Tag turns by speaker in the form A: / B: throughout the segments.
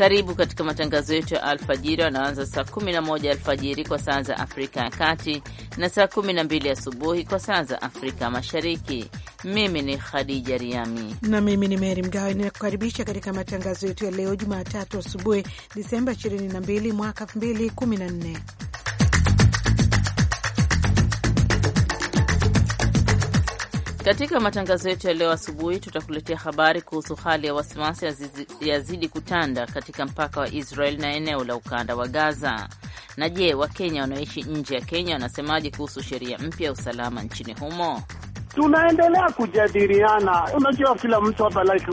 A: Karibu katika matangazo yetu ya alfajiri wanaanza saa 11 alfajiri kwa saa za Afrika ya Kati na saa 12 asubuhi kwa saa za Afrika Mashariki. Mimi ni Khadija Riami
B: na mimi ni Meri Mgawe, ninakukaribisha katika matangazo yetu ya leo Jumatatu asubuhi, Disemba 22 mwaka 2014.
A: Katika matangazo yetu ya leo asubuhi, tutakuletea habari kuhusu hali ya wasiwasi yazidi kutanda katika mpaka wa Israel na eneo la ukanda wa Gaza. Na je, Wakenya wanaoishi nje ya Kenya wanasemaje kuhusu sheria mpya ya usalama nchini humo?
C: Tunaendelea kujadiliana. Unajua, kila mtu hapa like,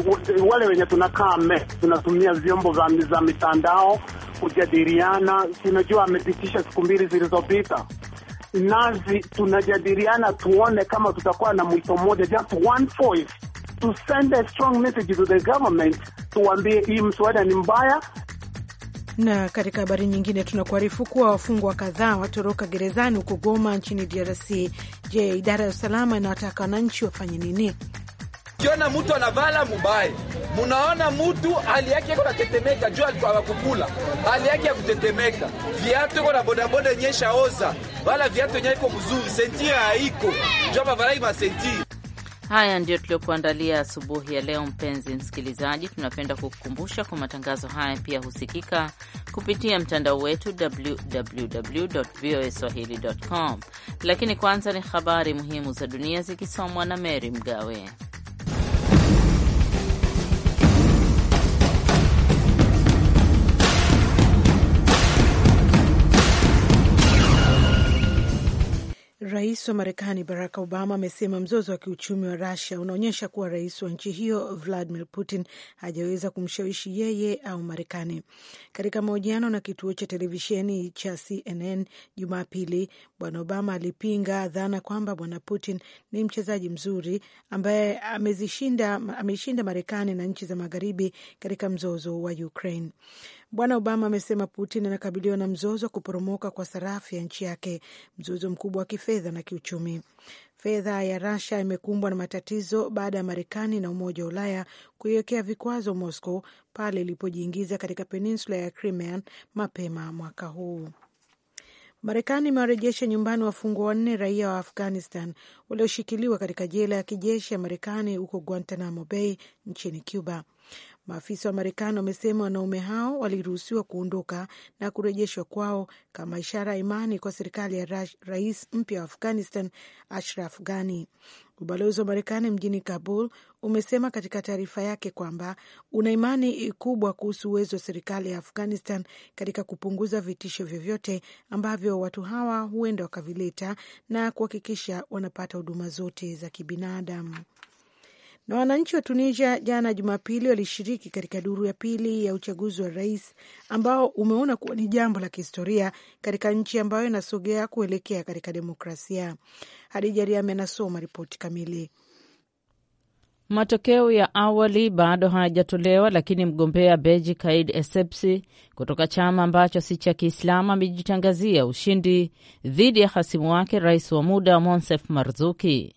C: wale wenye tunakaa me tunatumia vyombo za mitandao kujadiliana. Tunajua amepitisha siku mbili zilizopita nazi tunajadiliana, tuone kama tutakuwa na mwito mmoja, just one voice to send a strong message to the government, tuambie hii mswada ni mbaya.
B: Na katika habari nyingine, tunakuarifu kuwa wafungwa kadhaa watoroka gerezani huko Goma nchini DRC. Je, idara ya usalama inawataka wananchi wafanye nini?
D: Kiona mtu anavala mubaya, munaona mtu hali yake iko natetemeka, juu alikuwa wakukula hali yake ya kutetemeka. Viatu iko na bodaboda nyesha oza, wala viatu yenyewe iko mzuri, sentia haiko juu apavalai masentire.
A: Haya ndiyo tuliokuandalia asubuhi ya leo. Mpenzi msikilizaji, tunapenda kukukumbusha kwa matangazo haya pia husikika kupitia mtandao wetu www voa swahili com. Lakini kwanza ni habari muhimu za dunia zikisomwa na Mary Mgawe.
B: Rais wa Marekani Barack Obama amesema mzozo wa kiuchumi wa Rusia unaonyesha kuwa rais wa nchi hiyo Vladimir Putin hajaweza kumshawishi yeye au Marekani. Katika mahojiano na kituo cha televisheni cha CNN Jumapili, Bwana Obama alipinga dhana kwamba Bwana Putin ni mchezaji mzuri ambaye ameshinda Marekani na nchi za Magharibi katika mzozo wa Ukraine. Bwana Obama amesema Putin anakabiliwa na mzozo wa kuporomoka kwa sarafu ya nchi yake, mzozo mkubwa wa kifedha na kiuchumi. Fedha ya Russia imekumbwa na matatizo baada ya Marekani na Umoja wa Ulaya kuiwekea vikwazo Moscow pale ilipojiingiza katika peninsula ya Crimea mapema mwaka huu. Marekani imewarejesha nyumbani wafungwa wanne raia wa Afghanistan walioshikiliwa katika jela ya kijeshi ya Marekani huko Guantanamo Bay nchini Cuba. Maafisa wa Marekani wamesema wanaume hao waliruhusiwa kuondoka na kurejeshwa kwao kama ishara ya imani kwa serikali ya rais mpya wa Afghanistan, Ashraf Ghani. Ubalozi wa Marekani mjini Kabul umesema katika taarifa yake kwamba una imani kubwa kuhusu uwezo wa serikali ya Afghanistan katika kupunguza vitisho vyovyote ambavyo watu hawa huenda wakavileta na kuhakikisha wanapata huduma zote za kibinadamu. Na wananchi wa Tunisia jana Jumapili walishiriki katika duru ya pili ya uchaguzi wa rais ambao umeona kuwa ni jambo la kihistoria katika nchi ambayo inasogea kuelekea katika demokrasia. Hadija Riame anasoma ripoti kamili.
A: Matokeo ya awali bado hayajatolewa, lakini mgombea Beji Kaid esepsi kutoka chama ambacho si cha Kiislamu amejitangazia ushindi dhidi ya hasimu wake rais wa muda Monsef Marzuki.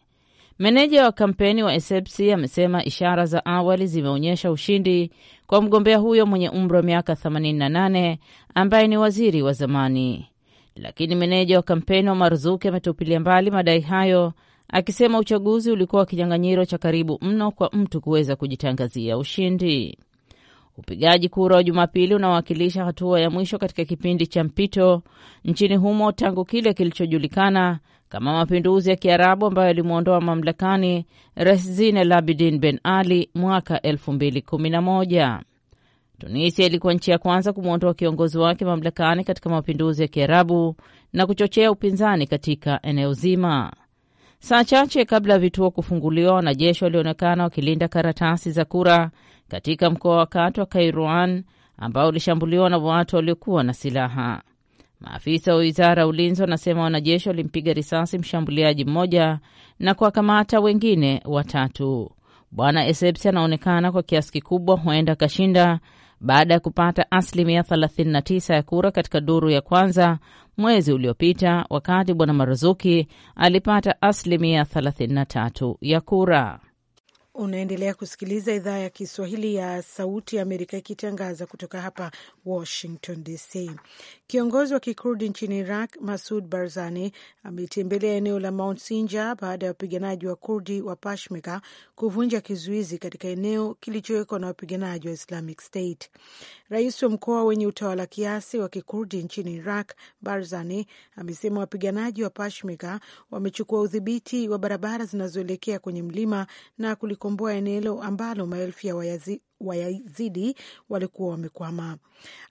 A: Meneja wa kampeni wa SFC amesema ishara za awali zimeonyesha ushindi kwa mgombea huyo mwenye umri wa miaka 88 ambaye ni waziri wa zamani, lakini meneja wa kampeni wa Marzuki ametupilia mbali madai hayo akisema uchaguzi ulikuwa wa kinyang'anyiro cha karibu mno kwa mtu kuweza kujitangazia ushindi. Upigaji kura wa Jumapili unawakilisha hatua ya mwisho katika kipindi cha mpito nchini humo tangu kile kilichojulikana kama mapinduzi ya Kiarabu ambayo yalimwondoa mamlakani Rais Zine El Abidin Ben Ali mwaka 2011. Tunisia ilikuwa nchi ya kwanza kumwondoa kiongozi wake mamlakani katika mapinduzi ya Kiarabu na kuchochea upinzani katika eneo zima. Saa chache kabla ya vituo kufunguliwa, wanajeshi walionekana wakilinda karatasi za kura katika mkoa wa wa Kairuan ambao ulishambuliwa na watu waliokuwa na silaha. Maafisa wa wizara ya ulinzi wanasema wanajeshi walimpiga risasi mshambuliaji mmoja na kuwakamata wengine watatu. Bwana Esepsi anaonekana kwa kiasi kikubwa huenda akashinda baada ya kupata asilimia 39 ya kura katika duru ya kwanza mwezi uliopita, wakati bwana Marzuki alipata asilimia 33 ya kura.
B: Unaendelea kusikiliza idhaa ya Kiswahili ya Sauti ya Amerika ikitangaza kutoka hapa Washington DC. Kiongozi wa kikurdi nchini Iraq, Masud Barzani, ametembelea eneo la Mount Sinjar baada ya wapiganaji wa Kurdi wa Peshmerga kuvunja kizuizi katika eneo kilichowekwa na wapiganaji wa Islamic State. Rais wa mkoa wenye utawala kiasi wa kikurdi nchini Iraq, Barzani, amesema wapiganaji wa Peshmerga wamechukua udhibiti wa barabara zinazoelekea kwenye mlima na kuliko kukomboa eneo ambalo maelfu ya wayazi, wayazidi walikuwa wamekwama.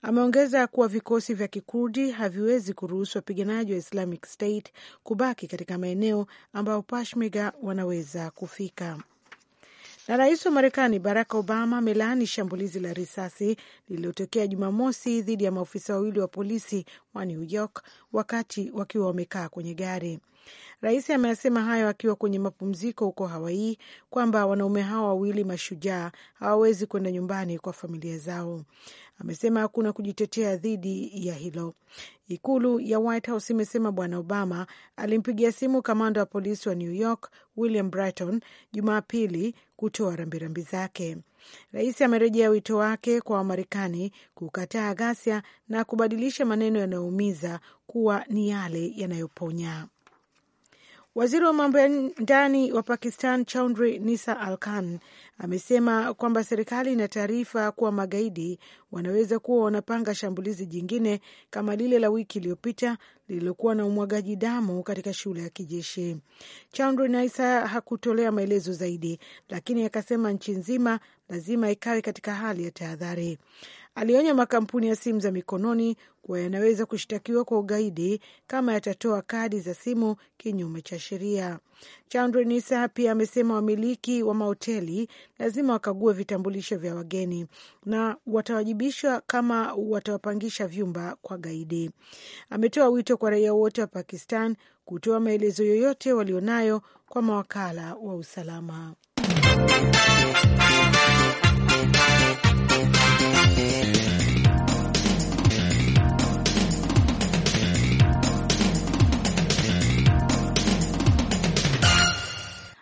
B: Ameongeza kuwa vikosi vya kikurdi haviwezi kuruhusu wapiganaji wa Islamic State kubaki katika maeneo ambayo Peshmerga wanaweza kufika. Na rais wa Marekani Barack Obama amelaani shambulizi la risasi lililotokea Jumamosi dhidi ya maofisa wawili wa polisi wa New York wakati wakiwa wamekaa kwenye gari. Rais ameyasema hayo akiwa kwenye mapumziko huko Hawaii, kwamba wanaume hao wawili mashujaa hawawezi kwenda nyumbani kwa familia zao. Amesema hakuna kujitetea dhidi ya hilo. Ikulu ya White House imesema Bwana Obama alimpigia simu kamanda wa polisi wa New York William Bryton Jumapili kutoa rambirambi zake. Rais amerejea wito wake kwa Wamarekani kukataa ghasia na kubadilisha maneno yanayoumiza kuwa ni yale yanayoponya. Waziri wa mambo ya ndani wa Pakistan Chaudhry Nisa Alkan amesema kwamba serikali ina taarifa kuwa magaidi wanaweza kuwa wanapanga shambulizi jingine kama lile la wiki iliyopita lililokuwa na umwagaji damu katika shule ya kijeshi. Chaudhry Nisa hakutolea maelezo zaidi, lakini akasema nchi nzima lazima ikawe katika hali ya tahadhari. Alionya makampuni ya simu za mikononi kuwa yanaweza kushtakiwa kwa ugaidi kama yatatoa kadi za simu kinyume cha sheria. Chandranisa pia amesema wamiliki wa mahoteli lazima wakague vitambulisho vya wageni na watawajibishwa kama watawapangisha vyumba kwa gaidi. Ametoa wito kwa raia wote wa Pakistan kutoa maelezo yoyote walionayo kwa mawakala wa usalama.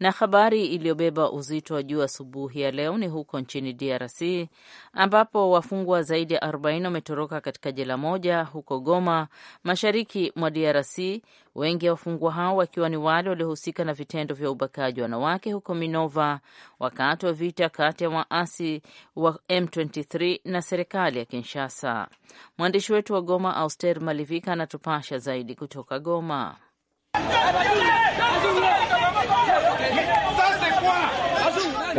A: Na habari iliyobeba uzito wa juu asubuhi ya leo ni huko nchini DRC ambapo wafungwa zaidi ya 40 wametoroka katika jela moja huko Goma, mashariki mwa DRC, wengi wafungwa hao wakiwa ni wale waliohusika na vitendo vya ubakaji wanawake huko Minova wakati wa vita kati ya waasi wa M23 na serikali ya Kinshasa. Mwandishi wetu wa Goma, Auster Malivika, anatupasha zaidi kutoka Goma.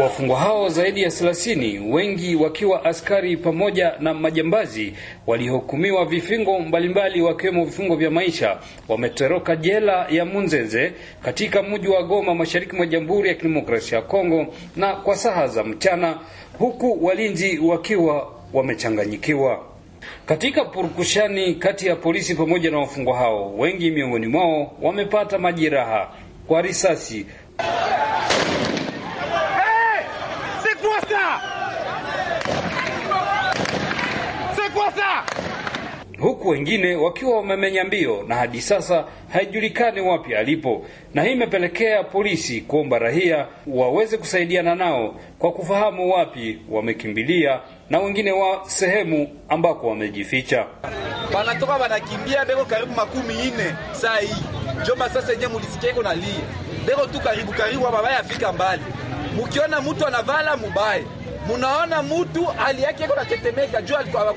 E: Wafungwa hao zaidi ya 30 wengi wakiwa askari pamoja na majambazi walihukumiwa vifungo mbalimbali wakiwemo vifungo vya maisha wametoroka jela ya Munzenze katika mji wa Goma mashariki mwa Jamhuri ya Kidemokrasia ya Kongo na kwa saha za mchana huku walinzi wakiwa wamechanganyikiwa. Katika purukushani kati ya polisi pamoja na wafungwa hao, wengi miongoni mwao wamepata majeraha kwa risasi Huku wengine wakiwa wamemenya mbio na hadi sasa haijulikani wapi alipo, na hii imepelekea polisi kuomba rahia waweze kusaidiana nao kwa kufahamu wapi wamekimbilia na wengine wa sehemu ambako wamejificha. Wanatoka wanakimbia beko karibu
D: makumi ine saa hii jomba sasa yenyewe mulisikia iko na lia beko tu karibu karibu, mabaya afika mbali. Mukiona mutu anavala mubaye munaona mutu hali yake iko natetemeka, juu alikuwa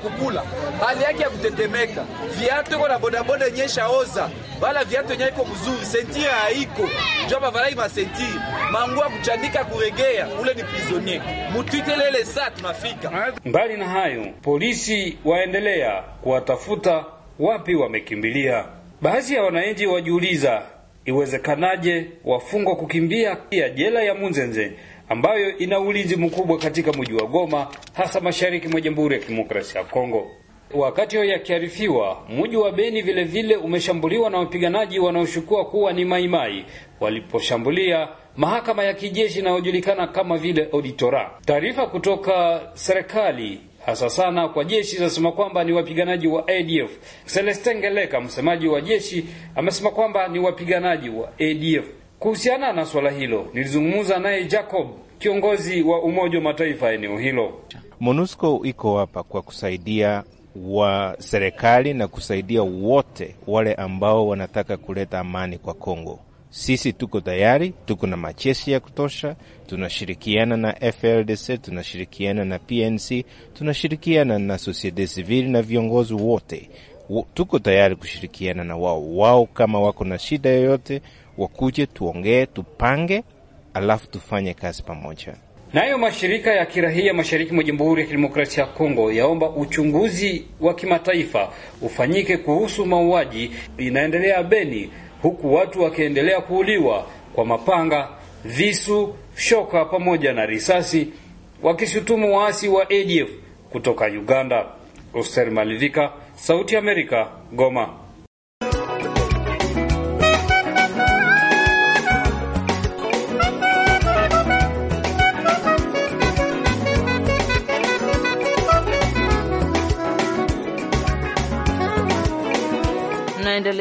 D: hali yake ya kutetemeka, viatu iko na bodaboda nyesha oza vala viatu yenye iko mzuri, sentire haiko jua bavalai masentire
E: mangua kuchandika kuregea, ule ni prisonnier mutwitelele. Saa tunafika mbali na hayo, polisi waendelea kuwatafuta wapi wamekimbilia. Baadhi ya wananchi wajiuliza iwezekanaje wafungwa kukimbia pia jela ya Munzenze ambayo ina ulinzi mkubwa katika mji wa Goma, hasa mashariki mwa Jamhuri ya Kidemokrasia ya Kongo. Wakati huo yakiarifiwa, mji wa Beni vile vile umeshambuliwa na wapiganaji wanaoshukua kuwa ni maimai waliposhambulia mahakama ya kijeshi inayojulikana kama vile auditora. Taarifa kutoka serikali hasa sana kwa jeshi zinasema kwamba ni wapiganaji wa ADF. Celestin msemaji wa jeshi, amesema kwamba ni wapiganaji wa ADF. Kuhusiana na swala hilo, nilizungumza naye Jacob, kiongozi wa Umoja wa Mataifa eneo hilo. MONUSCO iko hapa kwa kusaidia wa serikali na kusaidia wote wale ambao wanataka kuleta amani kwa Kongo. Sisi tuko tayari, tuko na machesi ya kutosha, tunashirikiana na FLDC, tunashirikiana na PNC, tunashirikiana na societe civil na viongozi wote, tuko tayari kushirikiana na wao. Wao kama wako na shida yoyote, wakuje tuongee, tupange, alafu tufanye kazi pamoja. Nayo mashirika ya kirahia mashariki mwa Jamhuri ya Kidemokrasia ya Kongo yaomba uchunguzi wa kimataifa ufanyike kuhusu mauaji inaendelea Beni huku watu wakiendelea kuuliwa kwa mapanga, visu, shoka pamoja na risasi, wakishutumu waasi wa ADF kutoka Uganda. Oster Malivika, Sauti ya Amerika, Goma.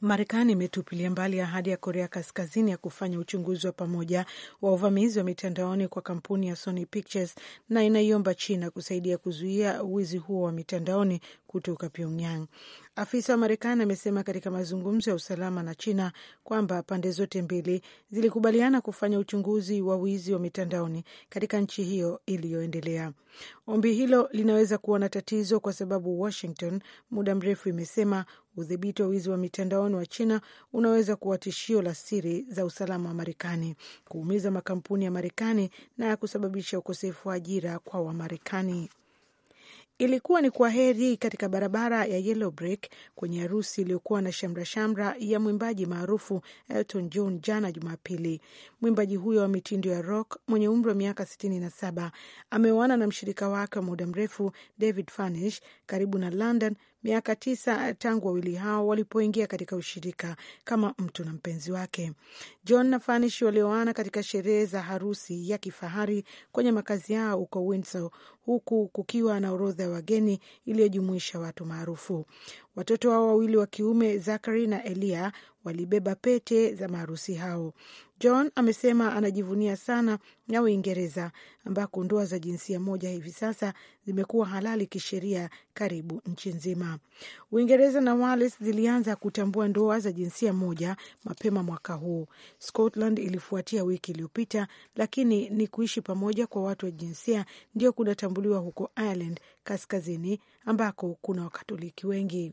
B: Marekani imetupilia mbali ahadi ya Korea Kaskazini ya kufanya uchunguzi wa pamoja wa uvamizi wa mitandaoni kwa kampuni ya Sony Pictures na inaiomba China kusaidia kuzuia wizi huo wa mitandaoni kutoka Pyongyang. Afisa wa Marekani amesema katika mazungumzo ya usalama na China kwamba pande zote mbili zilikubaliana kufanya uchunguzi wa wizi wa mitandaoni katika nchi hiyo iliyoendelea. Ombi hilo linaweza kuwa na tatizo kwa sababu Washington muda mrefu imesema udhibiti wa wizi wa mitandaoni wa China unaweza kuwa tishio la siri za usalama wa Marekani, kuumiza makampuni ya Marekani na kusababisha ukosefu wa ajira kwa Wamarekani. Ilikuwa ni kwa heri katika barabara ya Yellow Brick kwenye harusi iliyokuwa na shamrashamra ya mwimbaji maarufu Elton John jana Jumapili. Mwimbaji huyo wa mitindo ya rock mwenye umri wa miaka 67 ameoana na mshirika wake wa muda mrefu David Furnish karibu na London miaka tisa tangu wawili hao walipoingia katika ushirika kama mtu na mpenzi wake. John na Fanish walioana katika sherehe za harusi ya kifahari kwenye makazi yao huko Windsor, huku kukiwa na orodha ya wageni iliyojumuisha watu maarufu. Watoto hao wawili wa kiume Zakari na Elia walibeba pete za maharusi hao. John amesema anajivunia sana na Uingereza ambako ndoa za jinsia moja hivi sasa zimekuwa halali kisheria karibu nchi nzima. Uingereza na Wales zilianza kutambua ndoa za jinsia moja mapema mwaka huu. Scotland ilifuatia wiki iliyopita, lakini ni kuishi pamoja kwa watu wa jinsia ndio kunatambuliwa huko Ireland kaskazini ambako kuna Wakatoliki wengi.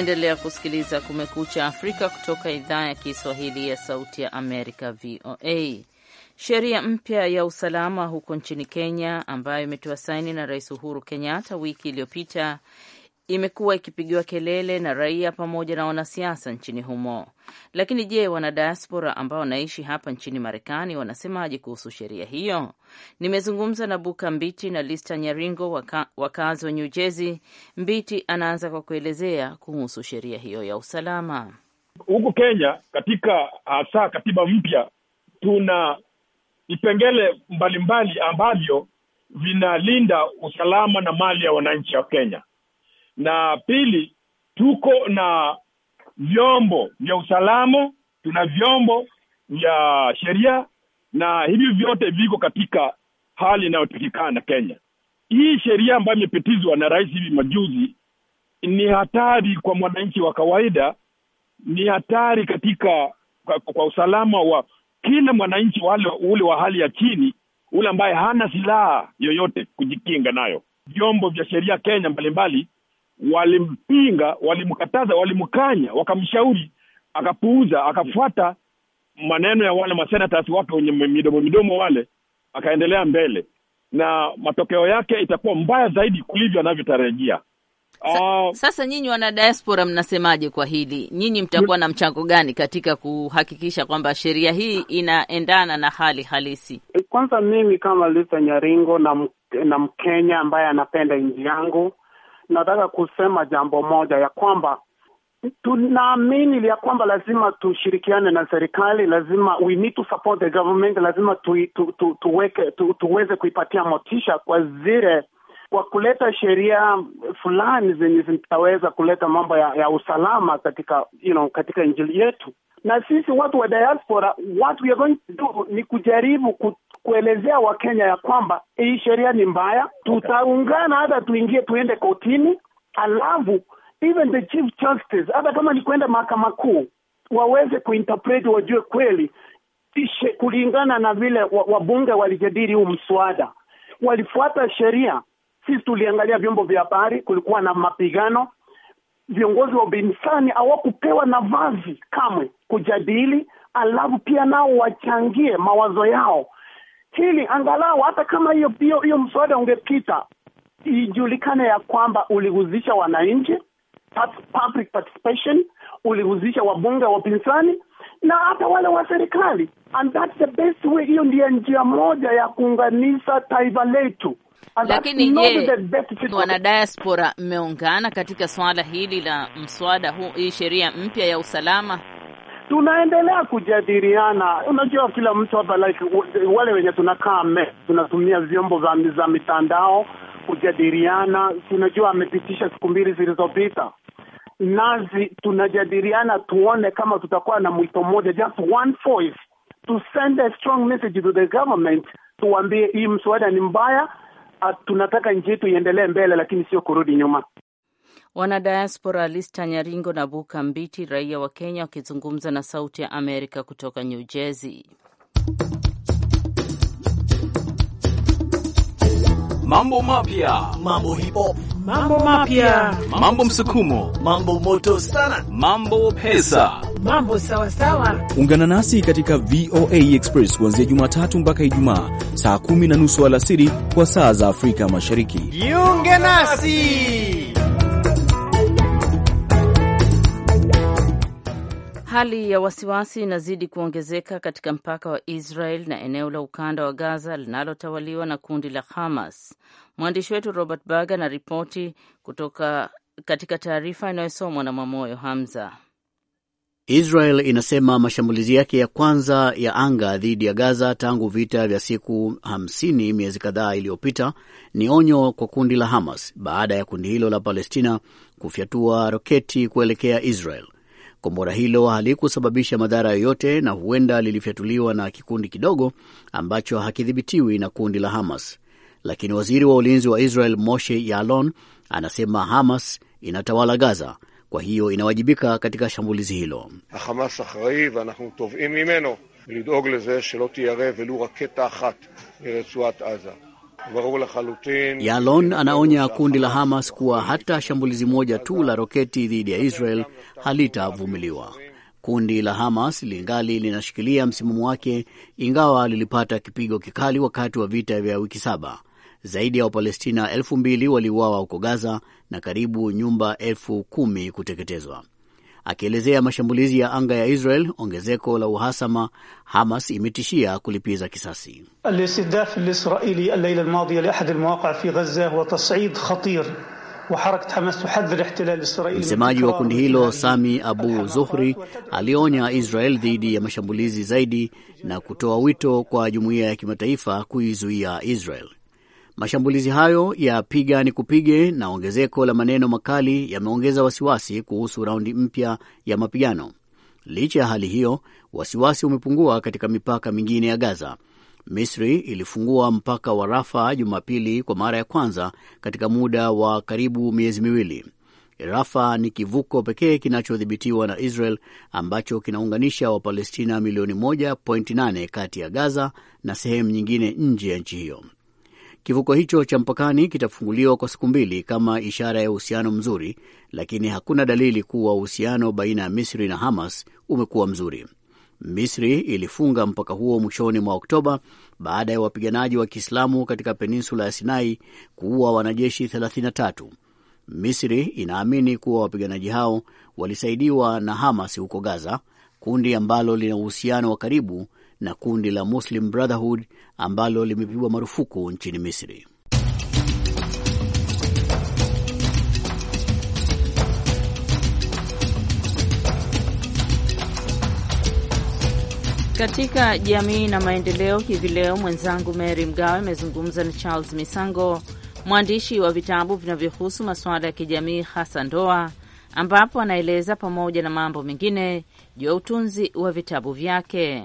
A: Unaendelea kusikiliza Kumekucha Afrika kutoka idhaa ya Kiswahili ya Sauti ya Amerika, VOA. Sheria mpya ya usalama huko nchini Kenya ambayo imetoa saini na Rais Uhuru Kenyatta wiki iliyopita imekuwa ikipigiwa kelele na raia pamoja na wanasiasa nchini humo. Lakini je, wanadiaspora ambao wanaishi hapa nchini Marekani wanasemaje kuhusu sheria hiyo? Nimezungumza na Buka Mbiti na Lista Nyaringo, waka, wakazi wa New Jersey. Mbiti anaanza kwa kuelezea kuhusu sheria hiyo ya usalama
D: huku Kenya. Katika hasa katiba mpya tuna vipengele mbalimbali ambavyo vinalinda usalama na mali ya wananchi wa Kenya na pili, tuko na vyombo vya usalama, tuna vyombo vya sheria na hivi vyote viko katika hali inayotakikana Kenya. Hii sheria ambayo imepitizwa na rais hivi majuzi ni hatari kwa mwananchi wa kawaida, ni hatari katika kwa, kwa usalama wa kila mwananchi wale ule wa hali ya chini, ule ambaye hana silaha yoyote kujikinga nayo. Vyombo vya sheria Kenya mbalimbali walimpinga, walimkataza, walimkanya, wakamshauri, akapuuza, akafuata maneno ya wale masenators wake wenye midomo midomo wale, akaendelea mbele, na matokeo yake itakuwa mbaya zaidi kulivyo anavyotarajia.
A: Sa, uh, sasa nyinyi wana diaspora mnasemaje kwa hili? Nyinyi mtakuwa na mchango gani katika kuhakikisha kwamba sheria hii inaendana na hali halisi?
C: Kwanza mimi kama Lisa Nyaringo na, na Mkenya ambaye anapenda nchi yangu nataka kusema jambo moja ya kwamba tunaamini ya kwamba lazima tushirikiane na serikali, lazima we need to support the government, lazima tu, tu, tu, tuweke tu, tuweze kuipatia motisha kwa zile kwa kuleta sheria fulani zenye zitaweza kuleta mambo ya, ya usalama katika you know, katika injili yetu. Na sisi watu wa diaspora, what we are going to do ni kujaribu kuelezea Wakenya ya kwamba hii sheria ni mbaya, tutaungana hata tuingie tuende kotini, alafu even the chief justice hata kama ni kwenda mahakama kuu waweze kuinterpret, wajue kweli ishe, kulingana na vile wabunge wa walijadili huu mswada, walifuata sheria. Sisi tuliangalia vyombo vya habari, kulikuwa na mapigano, viongozi wa upinzani hawakupewa nafasi kamwe kujadili, alafu pia nao wachangie mawazo yao hili angalau hata kama hiyo hiyo hiyo mswada ungepita ijulikane ya kwamba ulihuzisha wananchi public participation ulihuzisha wabunge wa upinzani na hata wale wa serikali and that's the best way hiyo ndiyo njia moja ya kuunganisha taifa letu lakini je,
A: wana diaspora mmeungana katika swala hili la mswada huu, hii sheria mpya ya usalama
C: tunaendelea kujadiliana. Unajua, kila mtu hapa like wale wenye tunakaa me tunatumia vyombo za mitandao kujadiliana. Tunajua amepitisha siku mbili zilizopita nazi, tunajadiliana tuone kama tutakuwa na mwito mmoja, just one voice to send a strong message to the government, tuambie hii mswada ni mbaya, ah, tunataka nchi yetu iendelee mbele, lakini sio kurudi nyuma.
A: Wanadiaspora Lista Nyaringo na Buka Mbiti, raia wa Kenya, wakizungumza na Sauti ya Amerika kutoka New Jersey. Mambo mapya, mambo hipo,
B: mambo mapya,
D: mambo msukumo, mambo moto
E: sana, mambo
D: pesa,
B: mambo sawasawa.
D: Ungana nasi katika VOA Express kuanzia Jumatatu mpaka Ijumaa saa kumi na nusu alasiri kwa saa za Afrika Mashariki.
F: Jiunge nasi.
A: Hali ya wasiwasi inazidi kuongezeka katika mpaka wa Israel na eneo la ukanda wa Gaza linalotawaliwa na kundi la Hamas. Mwandishi wetu Robert Berger anaripoti kutoka katika taarifa inayosomwa na Mwamoyo Hamza.
F: Israel inasema mashambulizi yake ya kwanza ya anga dhidi ya Gaza tangu vita vya siku 50 miezi kadhaa iliyopita ni onyo kwa kundi la Hamas baada ya kundi hilo la Palestina kufyatua roketi kuelekea Israel. Kombora hilo halikusababisha madhara yoyote na huenda lilifyatuliwa na kikundi kidogo ambacho hakidhibitiwi na kundi la Hamas, lakini waziri wa ulinzi wa Israel Moshe yalon anasema Hamas inatawala Gaza, kwa hiyo inawajibika katika shambulizi hilo.
G: Hamas akhrai vanahnu tovim mimeno lidog leze shelo tiyare velu raketa ahat miretsuat aza Yalon
F: anaonya kundi la Hamas kuwa hata shambulizi moja tu la roketi dhidi ya Israel halitavumiliwa. Kundi la Hamas lingali linashikilia msimamo wake, ingawa lilipata kipigo kikali wakati wa vita vya wiki saba. Zaidi ya Wapalestina elfu mbili waliuawa huko Gaza na karibu nyumba elfu kumi kuteketezwa akielezea mashambulizi ya anga ya Israel, ongezeko la uhasama Hamas imetishia kulipiza kisasi.
C: Msemaji wa kundi hilo
F: Sami Abu Zuhri alionya Israel dhidi ya mashambulizi zaidi na kutoa wito kwa jumuiya ya kimataifa kuizuia Israel. Mashambulizi hayo ya piga ni kupige na ongezeko la maneno makali yameongeza wasiwasi kuhusu raundi mpya ya mapigano. Licha ya hali hiyo, wasiwasi umepungua katika mipaka mingine ya Gaza. Misri ilifungua mpaka wa Rafa Jumapili kwa mara ya kwanza katika muda wa karibu miezi miwili. Rafa ni kivuko pekee kinachodhibitiwa na Israel ambacho kinaunganisha Wapalestina milioni 1.8 kati ya Gaza na sehemu nyingine nje ya nchi hiyo. Kivuko hicho cha mpakani kitafunguliwa kwa siku mbili kama ishara ya uhusiano mzuri, lakini hakuna dalili kuwa uhusiano baina ya Misri na Hamas umekuwa mzuri. Misri ilifunga mpaka huo mwishoni mwa Oktoba baada ya wapiganaji wa Kiislamu katika peninsula ya Sinai kuua wanajeshi 33. Misri inaamini kuwa wapiganaji hao walisaidiwa na Hamas huko Gaza, kundi ambalo lina uhusiano wa karibu na kundi la Muslim Brotherhood ambalo limepigwa marufuku nchini Misri.
A: Katika jamii na maendeleo hivi leo, mwenzangu Mary Mgawe amezungumza na Charles Misango, mwandishi wa vitabu vinavyohusu masuala ya kijamii, hasa ndoa, ambapo anaeleza pamoja na mambo mengine juu ya utunzi wa vitabu vyake.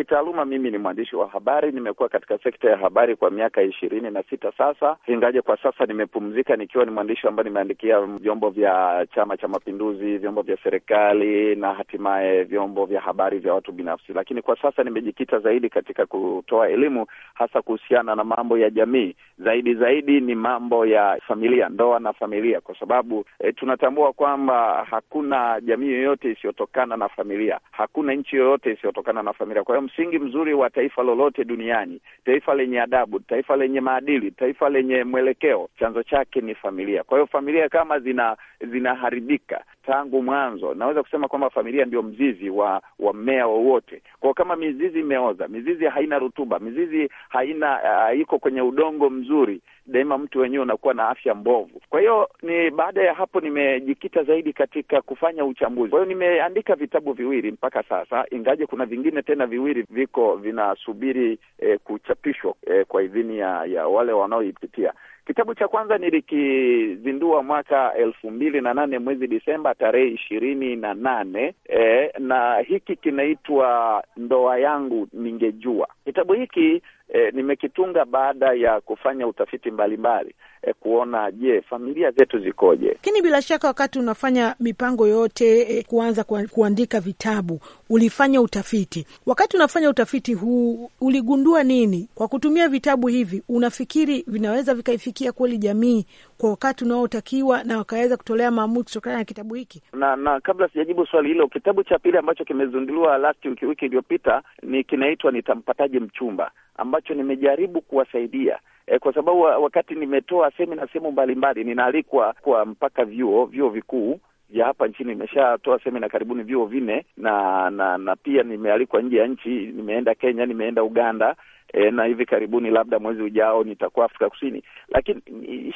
G: Kitaaluma mimi ni mwandishi wa habari, nimekuwa katika sekta ya habari kwa miaka ishirini na sita sasa, ingaje kwa sasa nimepumzika nikiwa ni mwandishi ambaye nimeandikia vyombo vya Chama cha Mapinduzi, vyombo vya serikali na hatimaye vyombo vya habari vya watu binafsi, lakini kwa sasa nimejikita zaidi katika kutoa elimu hasa kuhusiana na mambo ya jamii, zaidi zaidi ni mambo ya familia, ndoa na familia, kwa sababu e, tunatambua kwamba hakuna jamii yoyote isiyotokana na familia, hakuna nchi yoyote isiyotokana na familia. Kwa hiyo msingi mzuri wa taifa lolote duniani, taifa lenye adabu, taifa lenye maadili, taifa lenye mwelekeo, chanzo chake ni familia. Kwa hiyo familia kama zina zinaharibika tangu mwanzo, naweza kusema kwamba familia ndio mzizi wa wa mmea wowote. Kwa kama mizizi imeoza, mizizi haina rutuba, mizizi haina uh, iko kwenye udongo mzuri daima mtu wenyewe unakuwa na afya mbovu. Kwa hiyo ni baada ya hapo nimejikita zaidi katika kufanya uchambuzi. Kwa hiyo nimeandika vitabu viwili mpaka sasa, ingaje kuna vingine tena viwili viko vinasubiri eh, kuchapishwa eh, kwa idhini ya, ya wale wanaoipitia. Kitabu cha kwanza nilikizindua mwaka elfu mbili na nane mwezi Disemba tarehe ishirini na nane e, na hiki kinaitwa Ndoa yangu ningejua. Kitabu hiki e, nimekitunga baada ya kufanya utafiti mbalimbali mbali eh, kuona je, familia zetu zikoje.
B: Lakini bila shaka wakati unafanya mipango yote eh, kuanza kuandika vitabu ulifanya utafiti. Wakati unafanya utafiti huu uligundua nini? Kwa kutumia vitabu hivi unafikiri vinaweza vikaifikia kweli jamii kwa wakati unaotakiwa na wakaweza kutolea maamuzi kutokana na kitabu hiki?
G: Na na kabla sijajibu swali hilo, kitabu cha pili ambacho kimezinduliwa last wiki wiki iliyopita ni kinaitwa Nitampataje Mchumba ambacho nimejaribu kuwasaidia e, kwa sababu wakati nimetoa semina sehemu mbalimbali, ninaalikwa kwa mpaka vyuo vyuo vikuu vya hapa nchini. Nimeshatoa semina karibuni vyuo vinne na, na na pia nimealikwa nje ya nchi, nimeenda Kenya, nimeenda Uganda. E, na hivi karibuni labda mwezi ujao nitakuwa Afrika Kusini. Lakini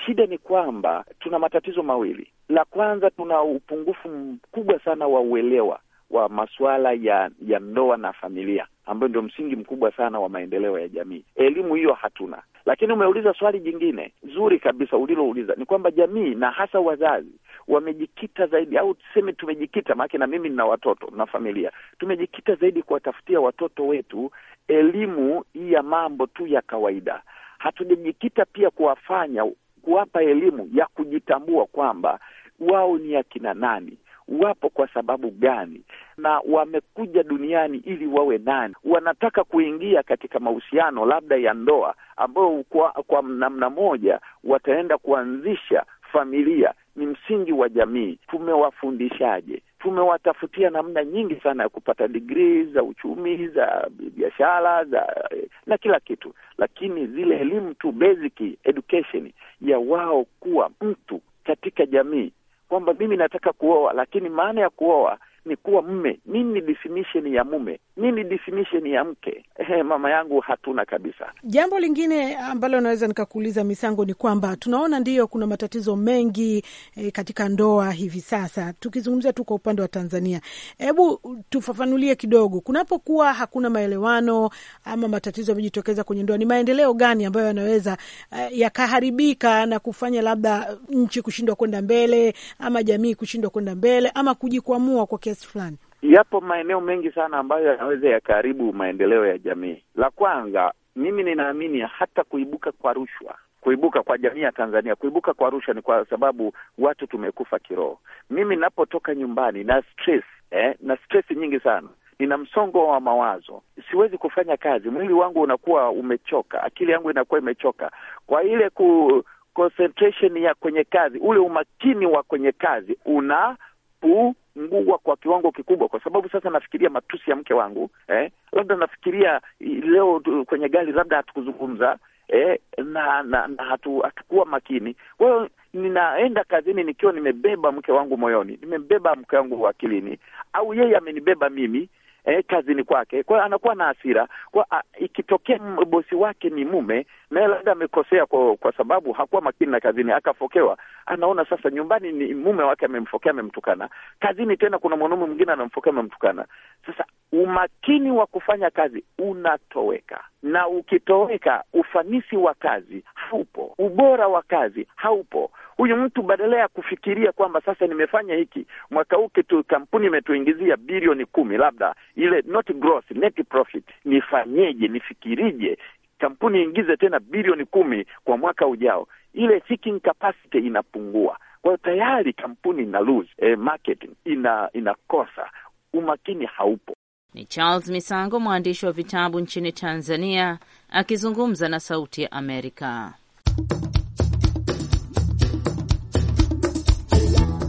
G: shida ni kwamba tuna matatizo mawili. La kwanza, tuna upungufu mkubwa sana wa uelewa wa masuala ya ya ndoa na familia ambayo ndio msingi mkubwa sana wa maendeleo ya jamii. Elimu hiyo hatuna. Lakini umeuliza swali jingine zuri kabisa ulilouliza ni kwamba jamii na hasa wazazi wamejikita zaidi, au tuseme tumejikita, maanake na mimi nina watoto na familia, tumejikita zaidi kuwatafutia watoto wetu elimu hii ya mambo tu ya kawaida. Hatujajikita pia kuwafanya kuwapa elimu ya kujitambua kwamba wao ni akina nani wapo kwa sababu gani, na wamekuja duniani ili wawe nani? Wanataka kuingia katika mahusiano labda ya ndoa, ambayo kwa, kwa namna moja wataenda kuanzisha familia. Ni msingi wa jamii. Tumewafundishaje? Tumewatafutia namna nyingi sana ya kupata digrii za uchumi, za biashara, za na kila kitu, lakini zile elimu tu, basic education ya wao kuwa mtu katika jamii kwamba mimi nataka kuoa, lakini maana ya kuoa ni kuwa mme. Nini definition ya mume? Nini definition ya mke? Ehe, mama yangu, hatuna
B: kabisa. Jambo lingine ambalo naweza nikakuuliza Misango ni kwamba tunaona ndiyo kuna matatizo mengi e, katika ndoa hivi sasa, tukizungumzia tu kwa upande wa Tanzania. Hebu tufafanulie kidogo, kunapokuwa hakuna maelewano ama matatizo yamejitokeza kwenye ndoa, ni maendeleo gani ambayo yanaweza e, yakaharibika na kufanya labda nchi kushindwa kwenda mbele ama jamii kushindwa kwenda mbele ama kujikwamua kwa kiasi fulani?
G: Yapo maeneo mengi sana ambayo yanaweza yakaharibu maendeleo ya jamii. La kwanza, mimi ninaamini hata kuibuka kwa rushwa kuibuka kwa jamii ya Tanzania, kuibuka kwa rushwa ni kwa sababu watu tumekufa kiroho. Mimi napotoka nyumbani na stress, eh, na stress nyingi sana, nina msongo wa mawazo, siwezi kufanya kazi, mwili wangu unakuwa umechoka, akili yangu inakuwa imechoka kwa ile ku concentration ya kwenye kazi, ule umakini wa kwenye kazi unapu nguwa kwa kiwango kikubwa, kwa sababu sasa nafikiria matusi ya mke wangu eh, labda nafikiria leo kwenye gari labda hatukuzungumza eh, na, na, na hatu, hatukuwa makini. Kwa hiyo ninaenda kazini nikiwa nimebeba mke wangu moyoni, nimebeba mke wangu akilini, au yeye amenibeba mimi eh, kazini kwake. Kwa hiyo anakuwa na hasira kwa, ikitokea bosi wake ni mume naye labda amekosea kwa, kwa sababu hakuwa makini na kazini, akafokewa. Anaona sasa nyumbani ni mume wake amemfokea, amemtukana, kazini tena kuna mwanaume mwingine anamfokea, amemtukana. Sasa umakini wa kufanya kazi unatoweka, na ukitoweka, ufanisi wa kazi haupo, ubora wa kazi haupo. Huyu mtu badala ya kufikiria kwamba sasa nimefanya hiki mwaka huu kitu kampuni imetuingizia bilioni kumi, labda ile not gross, net profit, nifanyeje, nifikirije kampuni iingize tena bilioni kumi kwa mwaka ujao, ile capacity inapungua. Kwa hiyo tayari kampuni ina lose eh, marketing ina inakosa umakini, haupo.
A: Ni Charles Misango, mwandishi wa vitabu nchini Tanzania, akizungumza na Sauti ya Amerika.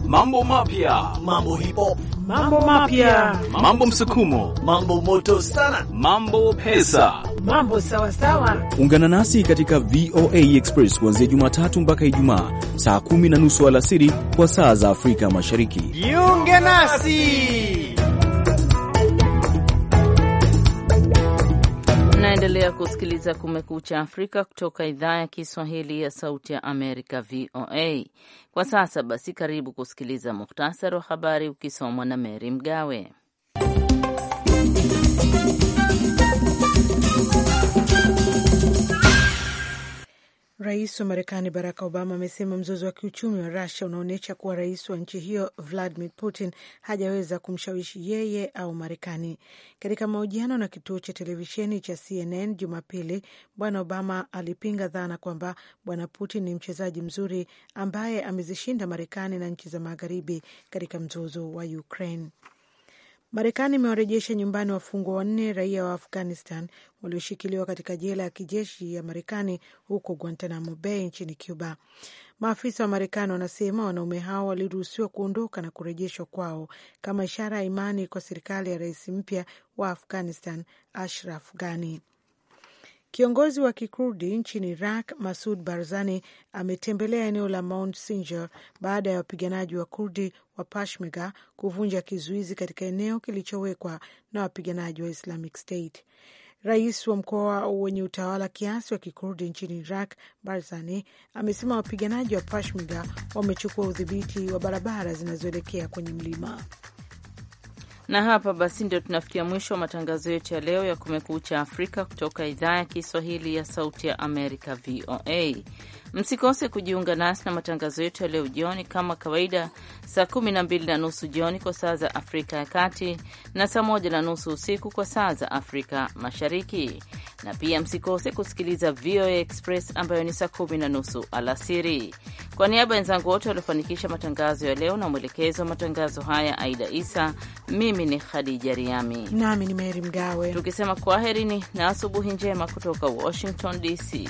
D: Mambo mapya, mambo hipo,
B: mambo mapya,
D: mambo msukumo, mambo moto sana, mambo pesa
B: mambo sawa sawa.
D: Ungana nasi katika VOA Express kuanzia Jumatatu mpaka Ijumaa saa kumi na nusu alasiri kwa saa za Afrika Mashariki.
F: Jiunge nasi
A: naendelea kusikiliza Kumekucha Afrika kutoka idhaa ya Kiswahili ya Sauti ya Amerika, VOA. Kwa sasa basi, karibu kusikiliza muhtasari wa habari ukisomwa na Meri Mgawe.
B: Rais wa Marekani Barack Obama amesema mzozo wa kiuchumi wa Rusia unaonyesha kuwa rais wa nchi hiyo Vladimir Putin hajaweza kumshawishi yeye au Marekani. Katika mahojiano na kituo cha televisheni cha CNN Jumapili, Bwana Obama alipinga dhana kwamba Bwana Putin ni mchezaji mzuri ambaye amezishinda Marekani na nchi za Magharibi katika mzozo wa Ukraine. Marekani imewarejesha nyumbani wafungwa wanne raia wa Afghanistan walioshikiliwa katika jela ya kijeshi ya Marekani huko Guantanamo Bay nchini Cuba. Maafisa wa Marekani wanasema wanaume hao waliruhusiwa kuondoka na kurejeshwa kwao kama ishara ya imani kwa serikali ya rais mpya wa Afghanistan, Ashraf Ghani. Kiongozi wa kikurdi nchini Iraq Masud Barzani ametembelea eneo la Mount Sinjar baada ya wapiganaji wa Kurdi wa Peshmerga kuvunja kizuizi katika eneo kilichowekwa na wapiganaji wa Islamic State. Rais wa mkoa wenye utawala kiasi wa kikurdi nchini Iraq, Barzani, amesema wapiganaji wa Peshmerga wamechukua udhibiti wa barabara zinazoelekea kwenye mlima.
A: Na hapa basi ndio tunafikia mwisho wa matangazo yetu ya leo ya Kumekucha Afrika kutoka idhaa ya Kiswahili ya Sauti ya Amerika, VOA. Msikose kujiunga nasi na matangazo yetu ya leo jioni, kama kawaida, saa kumi na mbili na nusu jioni kwa saa za Afrika ya Kati na saa moja na nusu usiku kwa saa za Afrika Mashariki. Na pia msikose kusikiliza VOA Express ambayo ni saa kumi na nusu alasiri. Kwa niaba ya wenzangu wote waliofanikisha matangazo ya leo na mwelekezo wa matangazo haya, Aida Isa, mimi mimi ni Khadija Riami
B: nami ni Meri Mgawe,
A: tukisema kwaherini na asubuhi njema kutoka Washington DC.